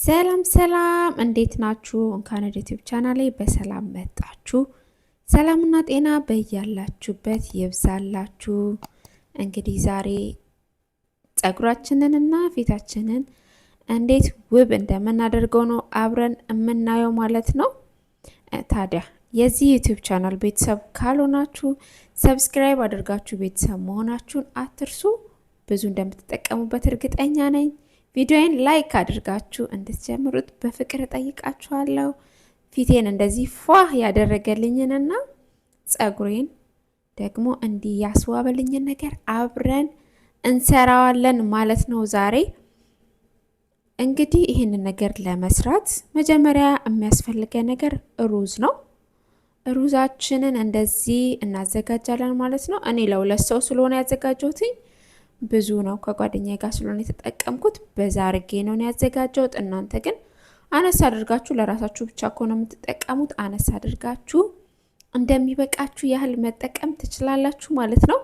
ሰላም ሰላም፣ እንዴት ናችሁ? እንኳን ወደ ዩቲዩብ ቻናሌ በሰላም መጣችሁ። ሰላምና ጤና በያላችሁበት ይብዛላችሁ። እንግዲህ ዛሬ ጸጉራችንንና ፊታችንን እንዴት ውብ እንደምናደርገው ነው አብረን የምናየው ማለት ነው። ታዲያ የዚህ ዩቲዩብ ቻናል ቤተሰብ ካልሆናችሁ ሰብስክራይብ አድርጋችሁ ቤተሰብ መሆናችሁን አትርሱ። ብዙ እንደምትጠቀሙበት እርግጠኛ ነኝ። ቪዲዮን ላይክ አድርጋችሁ እንድትጀምሩት በፍቅር እጠይቃችኋለሁ። ፊቴን እንደዚህ ፏ ያደረገልኝንና ጸጉሬን ደግሞ እንዲህ ያስዋበልኝን ነገር አብረን እንሰራዋለን ማለት ነው። ዛሬ እንግዲህ ይህንን ነገር ለመስራት መጀመሪያ የሚያስፈልገን ነገር ሩዝ ነው። ሩዛችንን እንደዚህ እናዘጋጃለን ማለት ነው። እኔ ለሁለት ሰው ስለሆነ ያዘጋጀሁትኝ ብዙ ነው ከጓደኛ ጋር ስለሆነ የተጠቀምኩት በዛ አርጌ ነው ያዘጋጀሁት። እናንተ ግን አነስ አድርጋችሁ ለራሳችሁ ብቻ ከሆነ የምትጠቀሙት አነስ አድርጋችሁ እንደሚበቃችሁ ያህል መጠቀም ትችላላችሁ ማለት ነው።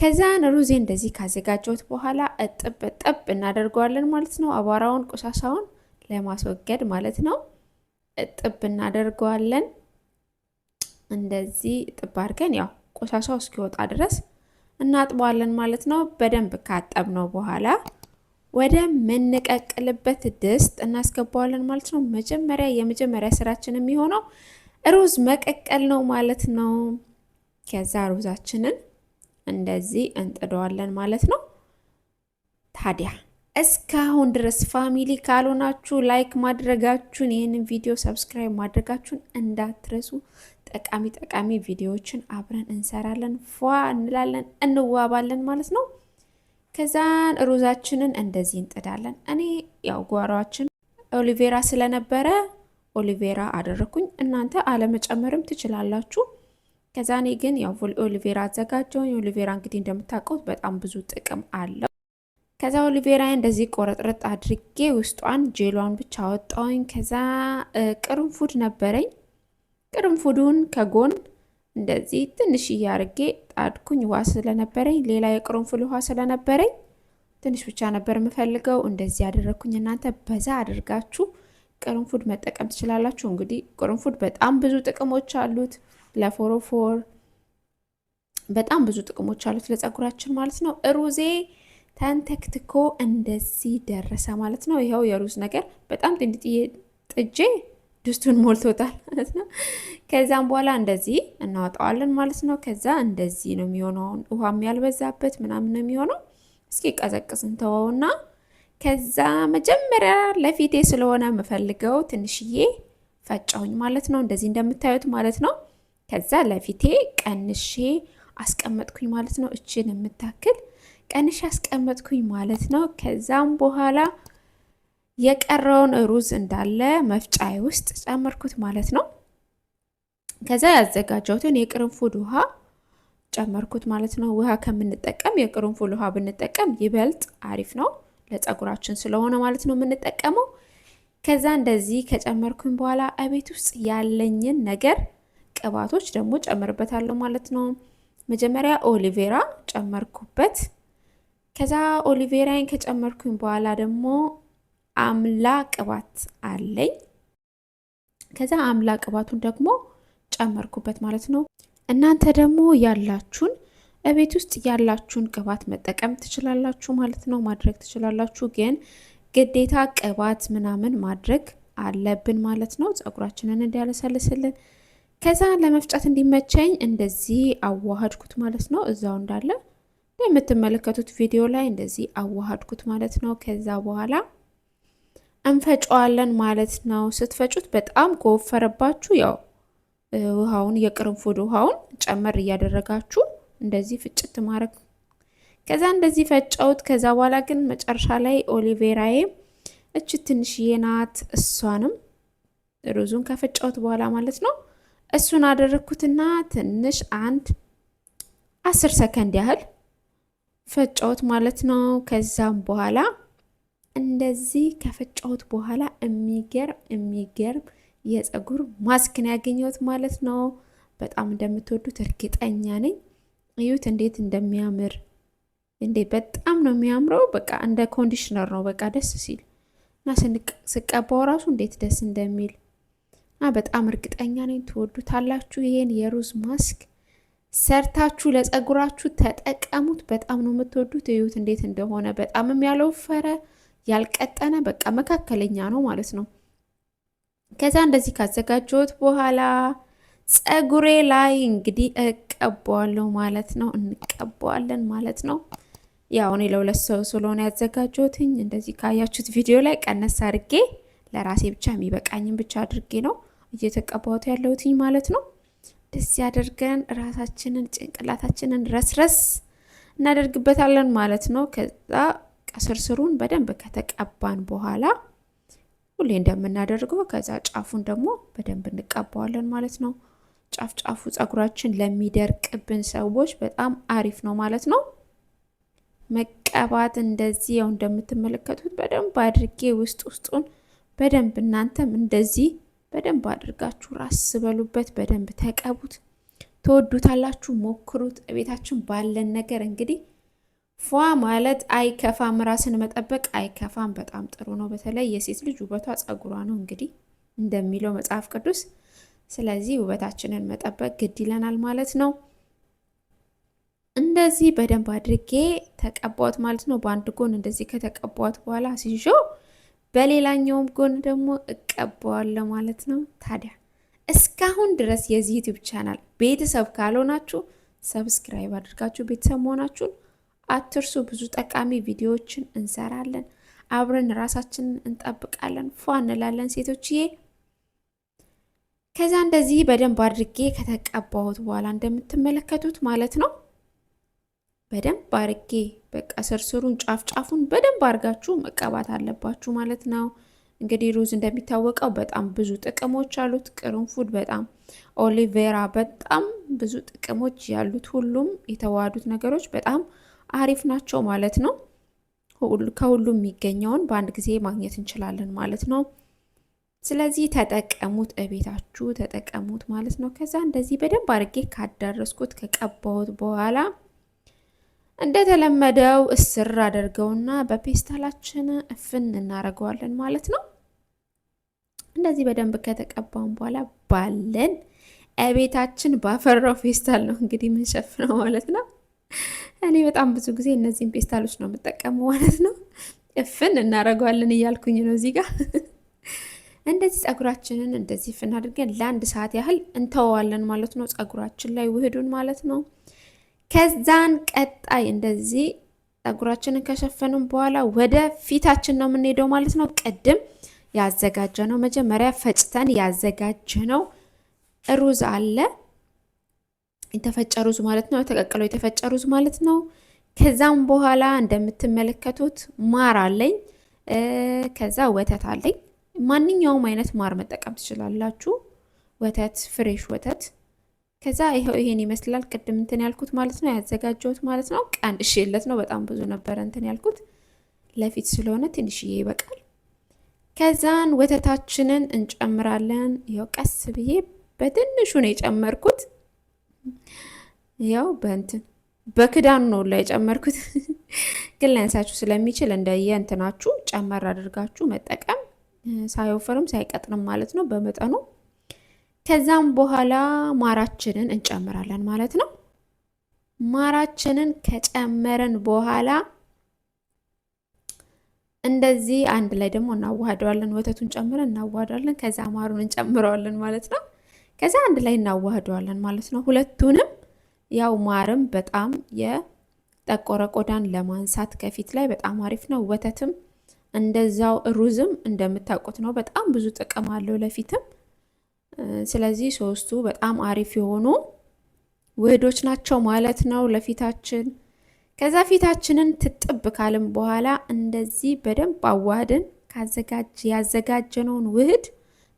ከዛን ሩዜ እንደዚህ ካዘጋጀሁት በኋላ እጥብ እጥብ እናደርገዋለን ማለት ነው። አቧራውን ቆሻሻውን ለማስወገድ ማለት ነው። እጥብ እናደርገዋለን እንደዚህ እጥብ አድርገን ያው ቆሻሻው እስኪወጣ ድረስ እናጥበዋለን ማለት ነው። በደንብ ካጠብነው በኋላ ወደ ምንቀቅልበት ድስት እናስገባዋለን ማለት ነው። መጀመሪያ የመጀመሪያ ስራችን የሚሆነው ሩዝ መቀቀል ነው ማለት ነው። ከዛ ሩዛችንን እንደዚህ እንጥደዋለን ማለት ነው ታዲያ እስካሁን ድረስ ፋሚሊ ካልሆናችሁ ላይክ ማድረጋችሁን፣ ይህንን ቪዲዮ ሰብስክራይብ ማድረጋችሁን እንዳትረሱ። ጠቃሚ ጠቃሚ ቪዲዮዎችን አብረን እንሰራለን፣ ፏ እንላለን፣ እንዋባለን ማለት ነው። ከዛን ሩዛችንን እንደዚህ እንጥዳለን። እኔ ያው ጓሯችን ኦሊቬራ ስለነበረ ኦሊቬራ አደረኩኝ። እናንተ አለመጨመርም ትችላላችሁ። ከዛኔ ግን ያው ኦሊቬራ አዘጋጀውን። ኦሊቬራ እንግዲህ እንደምታውቀው በጣም ብዙ ጥቅም አለው። ከዛ ኦሊቬራ እንደዚህ ቆረጥረጥ አድርጌ ውስጧን ጄሏን ብቻ አወጣውኝ። ከዛ ቅርንፉድ ነበረኝ። ቅርንፉዱን ከጎን እንደዚህ ትንሽ እያርጌ ጣድኩኝ። ውሃ ስለነበረኝ ሌላ የቅርንፉድ ውሃ ስለነበረኝ ትንሽ ብቻ ነበር የምፈልገው። እንደዚህ ያደረግኩኝ። እናንተ በዛ አድርጋችሁ ቅርንፉድ መጠቀም ትችላላችሁ። እንግዲህ ቅርንፉድ በጣም ብዙ ጥቅሞች አሉት። ለፎሮፎር በጣም ብዙ ጥቅሞች አሉት፣ ለፀጉራችን ማለት ነው። ሩዜ ተንተክትኮ እንደዚህ ደረሰ ማለት ነው። ይኸው የሩዝ ነገር በጣም ጥንድጥዬ ጥጄ ድስቱን ሞልቶታል ማለት ነው። ከዛም በኋላ እንደዚህ እናወጣዋለን ማለት ነው። ከዛ እንደዚህ ነው የሚሆነው። ውሃም ያልበዛበት ምናምን ነው የሚሆነው። እስኪ ቀዘቅዝ እንተወውና ከዛ መጀመሪያ ለፊቴ ስለሆነ የምፈልገው ትንሽዬ ፈጫሁኝ ማለት ነው። እንደዚህ እንደምታዩት ማለት ነው። ከዛ ለፊቴ ቀንሼ አስቀመጥኩኝ ማለት ነው። እችን የምታክል ቀንሽ ያስቀመጥኩኝ ማለት ነው። ከዛም በኋላ የቀረውን ሩዝ እንዳለ መፍጫዬ ውስጥ ጨመርኩት ማለት ነው። ከዛ ያዘጋጀሁትን የቅርንፉድ ውሃ ጨመርኩት ማለት ነው። ውሃ ከምንጠቀም የቅርንፉድ ውሃ ብንጠቀም ይበልጥ አሪፍ ነው ለፀጉራችን ስለሆነ ማለት ነው የምንጠቀመው። ከዛ እንደዚህ ከጨመርኩኝ በኋላ እቤት ውስጥ ያለኝን ነገር ቅባቶች ደግሞ ጨምርበታለሁ ማለት ነው። መጀመሪያ ኦሊቬራ ጨመርኩበት። ከዛ ኦሊቬራይን ከጨመርኩኝ በኋላ ደግሞ አምላ ቅባት አለኝ። ከዛ አምላ ቅባቱን ደግሞ ጨመርኩበት ማለት ነው። እናንተ ደግሞ ያላችሁን እቤት ውስጥ ያላችሁን ቅባት መጠቀም ትችላላችሁ ማለት ነው፣ ማድረግ ትችላላችሁ። ግን ግዴታ ቅባት ምናምን ማድረግ አለብን ማለት ነው፣ ፀጉራችንን እንዲያለሰልስልን። ከዛ ለመፍጫት እንዲመቸኝ እንደዚህ አዋሃድኩት ማለት ነው፣ እዛው እንዳለ በምትመለከቱት ቪዲዮ ላይ እንደዚህ አዋሃድኩት ማለት ነው። ከዛ በኋላ እንፈጨዋለን ማለት ነው። ስትፈጩት በጣም ከወፈረባችሁ ያው ውሃውን የቅርንፉድ ውሃውን ጨመር እያደረጋችሁ እንደዚህ ፍጭት ማድረግ ከዛ እንደዚህ ፈጨውት። ከዛ በኋላ ግን መጨረሻ ላይ ኦሊቬራዬ እች ትንሽዬ ናት። እሷንም ሩዙን ከፈጨውት በኋላ ማለት ነው እሱን አደረግኩትና ትንሽ አንድ አስር ሰከንድ ያህል ፈጫውት ማለት ነው። ከዛም በኋላ እንደዚህ ከፈጫውት በኋላ የሚገርም የሚገርም የፀጉር ማስክ ነው ያገኘሁት ማለት ነው። በጣም እንደምትወዱት እርግጠኛ ነኝ። እዩት እንዴት እንደሚያምር እንዴ! በጣም ነው የሚያምረው። በቃ እንደ ኮንዲሽነር ነው በቃ ደስ ሲል እና ስቀባው ራሱ እንዴት ደስ እንደሚል እና በጣም እርግጠኛ ነኝ ትወዱታላችሁ ይሄን የሩዝ ማስክ ሰርታችሁ ለፀጉራችሁ ተጠቀሙት። በጣም ነው የምትወዱት። እዩት እንዴት እንደሆነ በጣምም ያልወፈረ ያልቀጠነ በቃ መካከለኛ ነው ማለት ነው። ከዛ እንደዚህ ካዘጋጀሁት በኋላ ጸጉሬ ላይ እንግዲህ እቀባዋለሁ ማለት ነው። እንቀባዋለን ማለት ነው። ያው እኔ ለሁለት ሰው ስለሆነ ያዘጋጀሁትኝ እንደዚህ ካያችሁት ቪዲዮ ላይ ቀነስ አድርጌ ለራሴ ብቻ የሚበቃኝን ብቻ አድርጌ ነው እየተቀባሁት ያለሁትኝ ማለት ነው። ደስ ያደርገን። ራሳችንን ጭንቅላታችንን ረስረስ እናደርግበታለን ማለት ነው። ከዛ ቀስርስሩን በደንብ ከተቀባን በኋላ ሁሌ እንደምናደርገው ከዛ ጫፉን ደግሞ በደንብ እንቀባዋለን ማለት ነው። ጫፍ ጫፉ ጸጉራችን ለሚደርቅብን ሰዎች በጣም አሪፍ ነው ማለት ነው። መቀባት እንደዚህ ያው እንደምትመለከቱት በደንብ አድርጌ ውስጥ ውስጡን በደንብ እናንተም እንደዚህ በደንብ አድርጋችሁ ራስ በሉበት፣ በደንብ ተቀቡት። ትወዱታላችሁ፣ ሞክሩት። ቤታችን ባለን ነገር እንግዲህ ፏ ማለት አይከፋም፣ ራስን መጠበቅ አይከፋም። በጣም ጥሩ ነው። በተለይ የሴት ልጅ ውበቷ ጸጉሯ ነው እንግዲህ እንደሚለው መጽሐፍ ቅዱስ። ስለዚህ ውበታችንን መጠበቅ ግድ ይለናል ማለት ነው። እንደዚህ በደንብ አድርጌ ተቀቧት ማለት ነው። በአንድ ጎን እንደዚህ ከተቀቧት በኋላ ሲሾ በሌላኛውም ጎን ደግሞ እቀበዋለሁ ማለት ነው። ታዲያ እስካሁን ድረስ የዚህ ዩቲዩብ ቻናል ቤተሰብ ካልሆናችሁ ሰብስክራይብ አድርጋችሁ ቤተሰብ መሆናችሁን አትርሱ። ብዙ ጠቃሚ ቪዲዮዎችን እንሰራለን። አብረን ራሳችንን እንጠብቃለን፣ ፏ እንላለን ሴቶችዬ። ከዛ እንደዚህ በደንብ አድርጌ ከተቀባሁት በኋላ እንደምትመለከቱት ማለት ነው በደንብ አድርጌ በቃ ስርስሩን ጫፍ ጫፉን በደንብ አድርጋችሁ መቀባት አለባችሁ ማለት ነው። እንግዲህ ሩዝ እንደሚታወቀው በጣም ብዙ ጥቅሞች አሉት። ቅርንፉድ በጣም ኦሊቬራ በጣም ብዙ ጥቅሞች ያሉት ሁሉም የተዋሃዱት ነገሮች በጣም አሪፍ ናቸው ማለት ነው። ከሁሉም የሚገኘውን በአንድ ጊዜ ማግኘት እንችላለን ማለት ነው። ስለዚህ ተጠቀሙት፣ እቤታችሁ ተጠቀሙት ማለት ነው። ከዛ እንደዚህ በደንብ አድርጌ ካዳረስኩት ከቀባሁት በኋላ እንደተለመደው እስር አድርገውና በፔስታላችን እፍን እናደርገዋለን ማለት ነው። እንደዚህ በደንብ ከተቀባውን በኋላ ባለን እቤታችን ባፈራው ፔስታል ነው እንግዲህ የምንሸፍነው ማለት ነው። እኔ በጣም ብዙ ጊዜ እነዚህን ፔስታሎች ነው የምጠቀመው ማለት ነው። እፍን እናደርገዋለን እያልኩኝ ነው እዚህ ጋር እንደዚህ ፀጉራችንን እንደዚህ ፍን አድርገን ለአንድ ሰዓት ያህል እንተወዋለን ማለት ነው። ፀጉራችን ላይ ውህዱን ማለት ነው። ከዛን ቀጣይ እንደዚህ ፀጉራችንን ከሸፈንም በኋላ ወደ ፊታችን ነው የምንሄደው ማለት ነው። ቅድም ያዘጋጀ ነው መጀመሪያ ፈጭተን ያዘጋጀ ነው ሩዝ አለ የተፈጨ ሩዝ ማለት ነው። ተቀቅሎ የተፈጨ ሩዝ ማለት ነው። ከዛም በኋላ እንደምትመለከቱት ማር አለኝ። ከዛ ወተት አለኝ። ማንኛውም አይነት ማር መጠቀም ትችላላችሁ። ወተት ፍሬሽ ወተት ከዛ ይኸው ይሄን ይመስላል። ቅድም እንትን ያልኩት ማለት ነው ያዘጋጀሁት ማለት ነው። ቀን እሺ የለት ነው በጣም ብዙ ነበረ እንትን ያልኩት ለፊት ስለሆነ ትንሽዬ ይበቃል። ከዛን ወተታችንን እንጨምራለን። ያው ቀስ ብዬ በትንሹ ነው የጨመርኩት። ያው በእንትን በክዳኑ ነው ላይ የጨመርኩት፣ ግን ላንሳችሁ ስለሚችል እንደየ እንትናችሁ ጨመር አድርጋችሁ መጠቀም ሳይወፍርም ሳይቀጥንም ማለት ነው በመጠኑ ከዛም በኋላ ማራችንን እንጨምራለን ማለት ነው። ማራችንን ከጨመረን በኋላ እንደዚህ አንድ ላይ ደግሞ እናዋህደዋለን። ወተቱን ጨምረን እናዋህደዋለን። ከዛ ማሩን እንጨምረዋለን ማለት ነው። ከዛ አንድ ላይ እናዋህደዋለን ማለት ነው። ሁለቱንም ያው ማርም በጣም የጠቆረ ቆዳን ለማንሳት ከፊት ላይ በጣም አሪፍ ነው። ወተትም እንደዛው ሩዝም እንደምታውቁት ነው። በጣም ብዙ ጥቅም አለው ለፊትም ስለዚህ ሶስቱ በጣም አሪፍ የሆኑ ውህዶች ናቸው ማለት ነው ለፊታችን። ከዛ ፊታችንን ትጥብ ካልን በኋላ እንደዚህ በደንብ ካዘጋጅ ያዘጋጀነውን ውህድ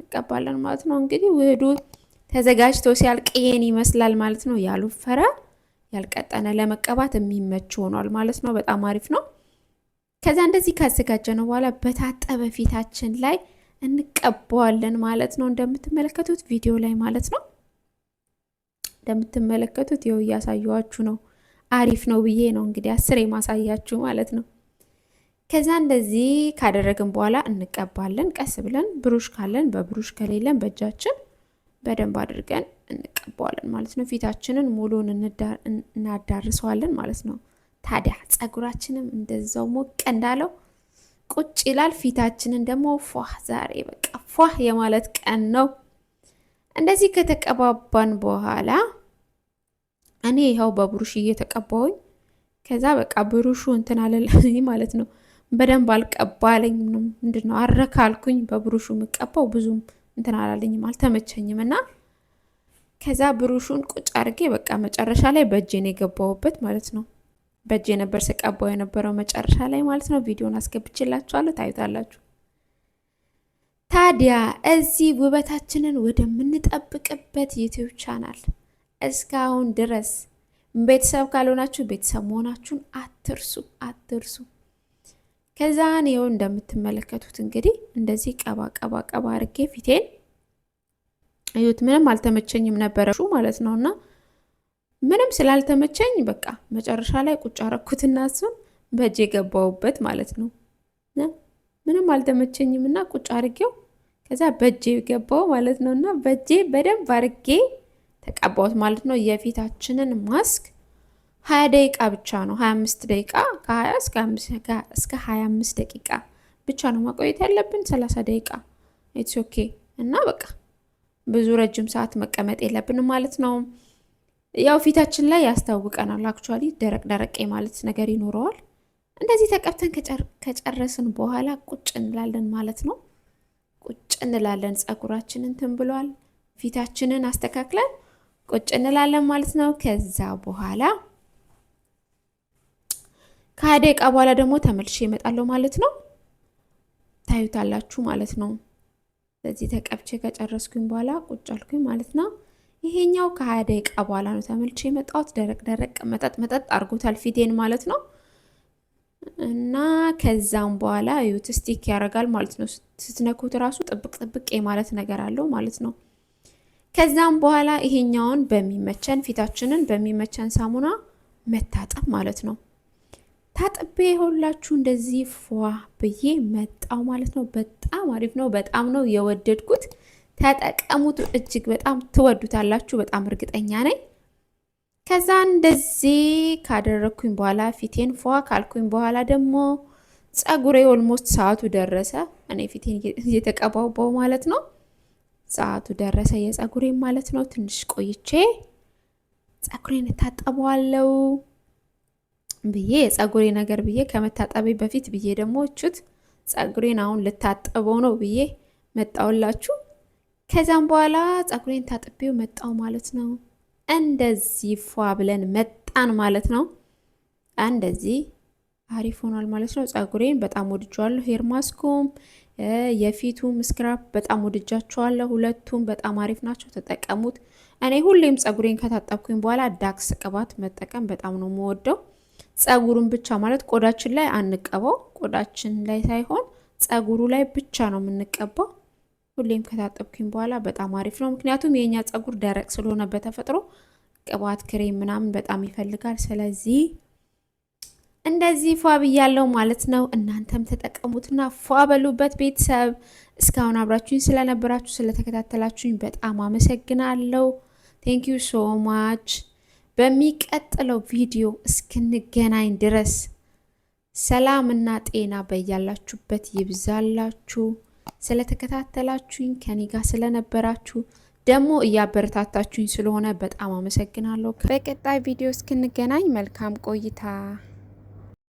እንቀባለን ማለት ነው። እንግዲህ ውህዱ ተዘጋጅቶ ሲያልቅ ይሄን ይመስላል ማለት ነው። ያልወፈረ ያልቀጠነ ለመቀባት የሚመች ሆኗል ማለት ነው። በጣም አሪፍ ነው። ከዛ እንደዚህ ካዘጋጀነው በኋላ በታጠበ ፊታችን ላይ እንቀባዋለን ማለት ነው። እንደምትመለከቱት ቪዲዮ ላይ ማለት ነው። እንደምትመለከቱት ይኸው እያሳየኋችሁ ነው። አሪፍ ነው ብዬ ነው እንግዲህ አስሬ ማሳያችሁ ማለት ነው። ከዛ እንደዚህ ካደረግን በኋላ እንቀባለን። ቀስ ብለን ብሩሽ ካለን በብሩሽ ከሌለን በእጃችን በደንብ አድርገን እንቀባዋለን ማለት ነው። ፊታችንን ሙሉን እናዳርሰዋለን ማለት ነው። ታዲያ ፀጉራችንም እንደዛው ሞቅ እንዳለው ቁጭ ይላል። ፊታችንን ደግሞ ፏህ ዛሬ በቃ ፏህ የማለት ቀን ነው። እንደዚህ ከተቀባባን በኋላ እኔ ይኸው በብሩሽ እየተቀባሁኝ ከዛ በቃ ብሩሹ እንትን አለልኝ ማለት ነው። በደንብ አልቀባለኝ ምንድን ነው አረካልኩኝ። በብሩሹ የምቀባው ብዙም እንትን አላለኝም አልተመቸኝም። እና ከዛ ብሩሹን ቁጭ አድርጌ በቃ መጨረሻ ላይ በእጄን የገባውበት ማለት ነው። በእጅ የነበር ስቀባው የነበረው መጨረሻ ላይ ማለት ነው። ቪዲዮን አስገብችላችኋለሁ ታዩታላችሁ። ታዲያ እዚህ ውበታችንን ወደምንጠብቅበት ዩቲዩብ ቻናል እስካሁን ድረስ ቤተሰብ ካልሆናችሁ ቤተሰብ መሆናችሁን አትርሱ አትርሱ። ከዛን ይኸው እንደምትመለከቱት እንግዲህ እንደዚህ ቀባ ቀባ ቀባ አድርጌ ፊቴን እዩት። ምንም አልተመቸኝም ነበረ ማለት ነው እና ምንም ስላልተመቸኝ በቃ መጨረሻ ላይ ቁጭ አረኩትና እሱን በእጅ የገባውበት ማለት ነው። ምንም አልተመቸኝም እና ቁጭ አርጌው ከዛ በእጄ ገባው ማለት ነው። እና በእጄ በደንብ አርጌ ተቀባውት ማለት ነው። የፊታችንን ማስክ ሀያ ደቂቃ ብቻ ነው፣ ሀያ አምስት ደቂቃ ከሀያ እስከ ሀያ አምስት ደቂቃ ብቻ ነው ማቆየት ያለብን። ሰላሳ ደቂቃ ኢትስ ኦኬ። እና በቃ ብዙ ረጅም ሰዓት መቀመጥ የለብንም ማለት ነው። ያው ፊታችን ላይ ያስታውቀናል። አክቹዋሊ ደረቅ ደረቅ ማለት ነገር ይኖረዋል። እንደዚህ ተቀብተን ከጨረስን በኋላ ቁጭ እንላለን ማለት ነው። ቁጭ እንላለን። ጸጉራችንን እንትን ብሏል። ፊታችንን አስተካክለን ቁጭ እንላለን ማለት ነው። ከዛ በኋላ ከሀያ ደቂቃ በኋላ ደግሞ ተመልሼ እመጣለሁ ማለት ነው። ታዩታላችሁ ማለት ነው። በዚህ ተቀብቼ ከጨረስኩኝ በኋላ ቁጭ አልኩኝ ማለት ነው። ይሄኛው ከሀያ ደቂቃ በኋላ ነው ተመልቼ የመጣሁት። ደረቅ ደረቅ መጠጥ መጠጥ አድርጎታል ፊቴን ማለት ነው። እና ከዛም በኋላ ዩት ስቲክ ያደርጋል ማለት ነው። ስትነኩት ራሱ ጥብቅ ጥብቅ የማለት ነገር አለው ማለት ነው። ከዛም በኋላ ይሄኛውን በሚመቸን ፊታችንን በሚመቸን ሳሙና መታጠብ ማለት ነው። ታጥቤ ሁላችሁ እንደዚህ ፏ ብዬ መጣው ማለት ነው። በጣም አሪፍ ነው። በጣም ነው የወደድኩት። ተጠቀሙት። እጅግ በጣም ትወዱታላችሁ፣ በጣም እርግጠኛ ነኝ። ከዛ እንደዚህ ካደረግኩኝ በኋላ ፊቴን ፏ ካልኩኝ በኋላ ደግሞ ፀጉሬ ኦልሞስት ሰዓቱ ደረሰ። እኔ ፊቴን እየተቀባባው ማለት ነው። ሰዓቱ ደረሰ የፀጉሬ ማለት ነው። ትንሽ ቆይቼ ፀጉሬን እታጠበዋለው ብዬ የፀጉሬ ነገር ብዬ ከመታጠቤ በፊት ብዬ ደግሞ እቹት ፀጉሬን አሁን ልታጠበው ነው ብዬ መጣውላችሁ። ከዚያም በኋላ ጸጉሬን ታጥቤው መጣው ማለት ነው። እንደዚህ ፏ ብለን መጣን ማለት ነው። እንደዚህ አሪፍ ሆኗል ማለት ነው። ጸጉሬን በጣም ወድጀዋለሁ። ሄር ማስኩም የፊቱም ስክራፕ በጣም ወድጃቸዋለሁ። ሁለቱም በጣም አሪፍ ናቸው፣ ተጠቀሙት። እኔ ሁሌም ጸጉሬን ከታጠብኩኝ በኋላ ዳክስ ቅባት መጠቀም በጣም ነው የምወደው። ጸጉሩን ብቻ ማለት ቆዳችን ላይ አንቀባው፣ ቆዳችን ላይ ሳይሆን ጸጉሩ ላይ ብቻ ነው የምንቀባው። ሁሌም ከታጠብኩኝ በኋላ በጣም አሪፍ ነው። ምክንያቱም የእኛ ፀጉር ደረቅ ስለሆነ በተፈጥሮ ቅባት፣ ክሬም ምናምን በጣም ይፈልጋል። ስለዚህ እንደዚህ ፏ ብያለው ማለት ነው። እናንተም ተጠቀሙትና ፏ በሉበት። ቤተሰብ እስካሁን አብራችሁኝ ስለነበራችሁ ስለተከታተላችሁኝ በጣም አመሰግናለሁ። ቴንክ ዩ ሶ ማች። በሚቀጥለው ቪዲዮ እስክንገናኝ ድረስ ሰላምና ጤና በያላችሁበት ይብዛላችሁ። ስለተከታተላችሁኝ ከኔ ጋር ስለነበራችሁ ደግሞ እያበረታታችሁኝ ስለሆነ በጣም አመሰግናለሁ። በቀጣይ ቪዲዮ እስክንገናኝ መልካም ቆይታ